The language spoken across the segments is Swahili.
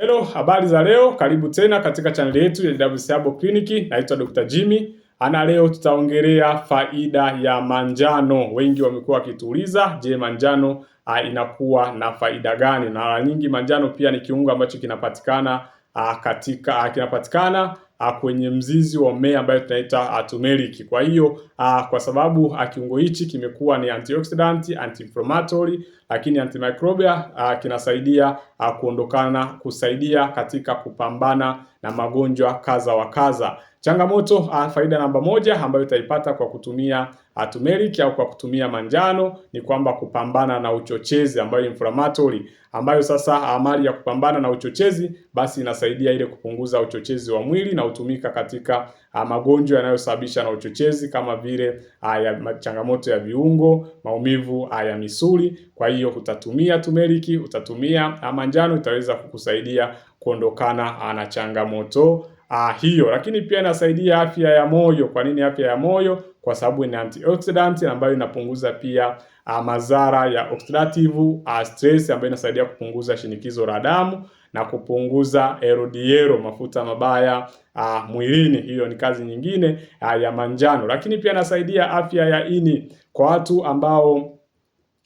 Hello, habari za leo. Karibu tena katika chaneli yetu ya Dr. Sabo Clinic. Naitwa Dr. Jimmy. Ana leo tutaongelea faida ya manjano. Wengi wamekuwa wakituuliza, je, manjano a, ah, inakuwa na faida gani? Na mara nyingi manjano pia ni kiungo ambacho kinapatikana a, ah, katika a, ah, kinapatikana Ah, kwenye mzizi wa mmea ambayo tunaita turmeric. Kwa hiyo ah, kwa sababu ah, kiungo hichi kimekuwa ni antioxidant, anti-inflammatory lakini antimicrobial, kinasaidia kuondokana kusaidia katika kupambana na magonjwa kadha wa kadha. Changamoto uh, faida namba moja ambayo utaipata kwa kutumia ah, turmeric au kwa kutumia manjano ni kwamba kupambana na uchochezi ambayo inflammatory, ambayo sasa amali ah, ya kupambana na uchochezi basi inasaidia ile kupunguza uchochezi wa mwili na utumika katika uh, magonjwa yanayosababisha na uchochezi kama vile uh, ya changamoto ya viungo, maumivu uh, ya misuli. Kwa hiyo utatumia turmeric, utatumia manjano, itaweza kukusaidia kuondokana na changamoto ah, hiyo. Lakini pia inasaidia afya ya moyo. Kwa nini afya ya moyo? Kwa sababu ina antioxidant ambayo inapunguza pia ah, madhara ya oxidative ah, stress ambayo inasaidia kupunguza shinikizo la damu na kupunguza LDL mafuta mabaya ah, mwilini. Hiyo ni kazi nyingine ah, ya manjano. Lakini pia inasaidia afya ya ini kwa watu ambao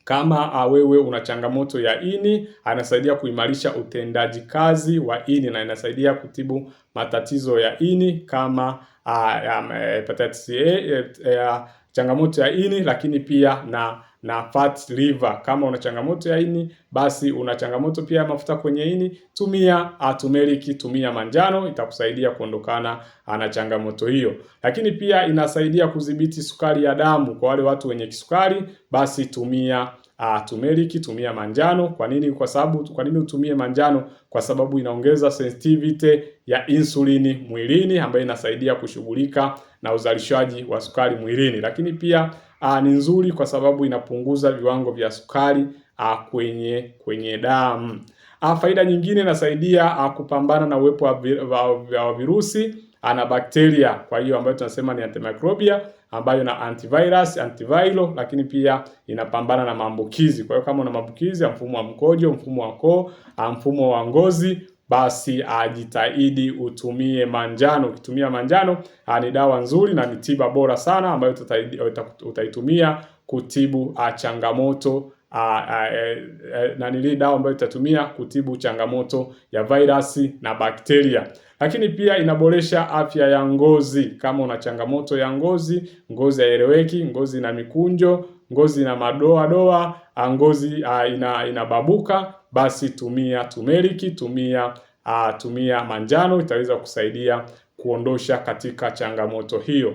kama ah, wewe una changamoto ya ini, anasaidia kuimarisha utendaji kazi wa ini na inasaidia kutibu matatizo ya ini kama ah, eh, hepatitis A eh, eh, changamoto ya ini, lakini pia na na fat liver. Kama una changamoto ya ini, basi una changamoto pia ya mafuta kwenye ini, tumia ah, turmeric, tumia manjano, itakusaidia kuondokana ah, na changamoto hiyo. Lakini pia inasaidia kudhibiti sukari ya damu. Kwa wale watu wenye kisukari, basi tumia uh, turmeric, tumia manjano. Kwa nini? Kwa sababu kwa nini utumie manjano? Kwa sababu inaongeza sensitivity ya insulini mwilini ambayo inasaidia kushughulika na uzalishaji wa sukari mwilini, lakini pia uh, ni nzuri kwa sababu inapunguza viwango vya sukari uh, kwenye kwenye damu. Uh, faida nyingine inasaidia uh, kupambana na uwepo wa virusi ana bakteria, kwa hiyo ambayo tunasema ni antimicrobia ambayo na antivirus, antiviral, lakini pia inapambana na maambukizi. Kwa hiyo kama una maambukizi ya mfumo wa mkojo, mfumo wa koo, mfumo wa ngozi basi ajitahidi utumie manjano. Ukitumia manjano ni dawa nzuri na ni tiba bora sana ambayo utaitumia kutibu changamoto nili dawa ambayo itatumia kutibu changamoto ya virusi na bakteria. Lakini pia inaboresha afya ya ngozi. Kama una changamoto ya ngozi, ngozi haieleweki, ngozi ina mikunjo, ngozi ina madoadoa, ngozi ina inababuka, basi tumia tumeriki, tumia tumia manjano, itaweza kusaidia kuondosha katika changamoto hiyo.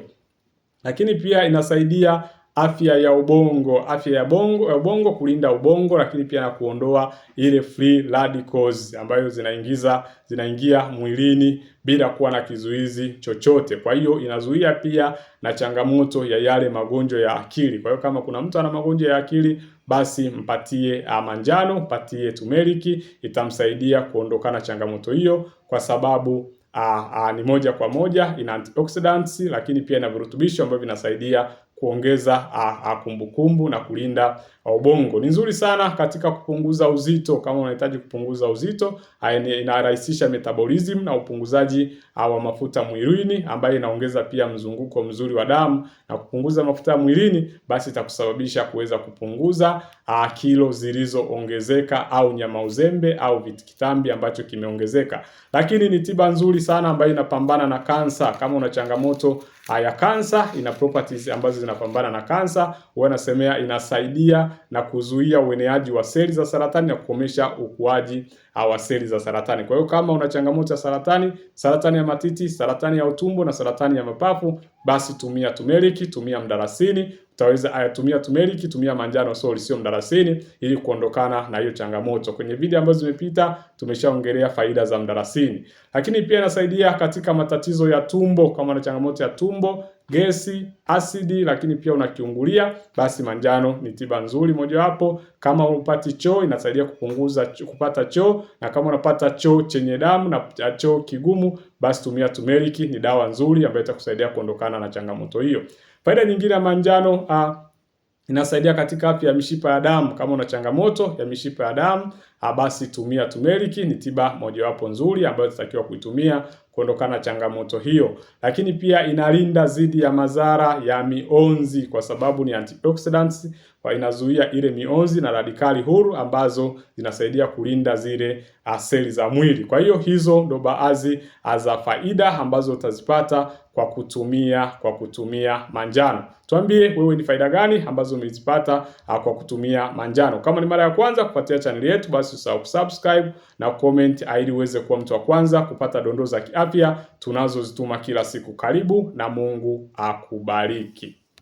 Lakini pia inasaidia afya ya ubongo, afya ya bongo, ya ubongo, kulinda ubongo, lakini pia na kuondoa ile free radicals ambayo zinaingiza zinaingia mwilini bila kuwa na kizuizi chochote. Kwa hiyo inazuia pia na changamoto ya yale magonjwa ya akili. Kwa hiyo kama kuna mtu ana magonjwa ya akili, basi mpatie ah, manjano, mpatie turmeric, itamsaidia kuondokana changamoto hiyo kwa sababu Aa, ah, aa, ah, ni moja kwa moja ina antioxidants lakini pia ina virutubisho ambavyo vinasaidia kuongeza ah, ah, kumbukumbu na kulinda wa ubongo. Ni nzuri sana katika kupunguza uzito. Kama unahitaji kupunguza uzito, inarahisisha metabolism na upunguzaji ah, wa mafuta mwilini, ambayo inaongeza pia mzunguko mzuri wa damu na kupunguza mafuta mwilini, basi itakusababisha kuweza kupunguza uh, kilo zilizoongezeka au nyama uzembe au vitikitambi ambacho kimeongezeka. Lakini ni tiba nzuri sana ambayo inapambana na kansa. Kama una changamoto ah, ya kansa, ina properties ambazo zinapambana na kansa, huwa nasemea inasaidia na kuzuia ueneaji wa seli za saratani na kukomesha ukuaji ah, wa seli za saratani. Kwa hiyo kama una changamoto ya saratani, saratani ya matiti, saratani ya utumbo na saratani ya mapafu basi tumia turmeric, tumia mdalasini Utaweza tumia tumeriki, tumia manjano soli, sio mdalasini, ili kuondokana na hiyo changamoto. Kwenye video ambazo zimepita tumeshaongelea faida za mdalasini, lakini pia inasaidia katika matatizo ya tumbo. Kama na changamoto ya tumbo, gesi, asidi, lakini pia unakiungulia, basi manjano ni tiba nzuri mojawapo. Kama unapati choo, inasaidia kupunguza kupata choo, na kama unapata choo chenye damu na choo kigumu basi tumia turmeric, ni dawa nzuri ambayo itakusaidia kuondokana na changamoto hiyo. Faida nyingine ya manjano a, ah, inasaidia katika afya ya mishipa ya damu. Kama una changamoto ya mishipa ya damu, ah, basi tumia turmeric, ni tiba mojawapo nzuri ambayo tutakiwa kuitumia kuondokana changamoto hiyo, lakini pia inalinda dhidi ya madhara ya mionzi kwa sababu ni antioxidants, kwa inazuia ile mionzi na radikali huru ambazo zinasaidia kulinda zile ah, seli za mwili. Kwa hiyo hizo ndo baadhi ah, za faida ambazo utazipata kwa kutumia kwa kutumia manjano. Tuambie wewe ni faida gani ambazo umezipata ah, kwa kutumia manjano. Kama ni mara ya kwanza kufuatia chaneli yetu, basi usahau kusubscribe na comment ili uweze kuwa mtu wa kwanza kupata dondoo za kiafya afya tunazozituma kila siku. Karibu na Mungu akubariki.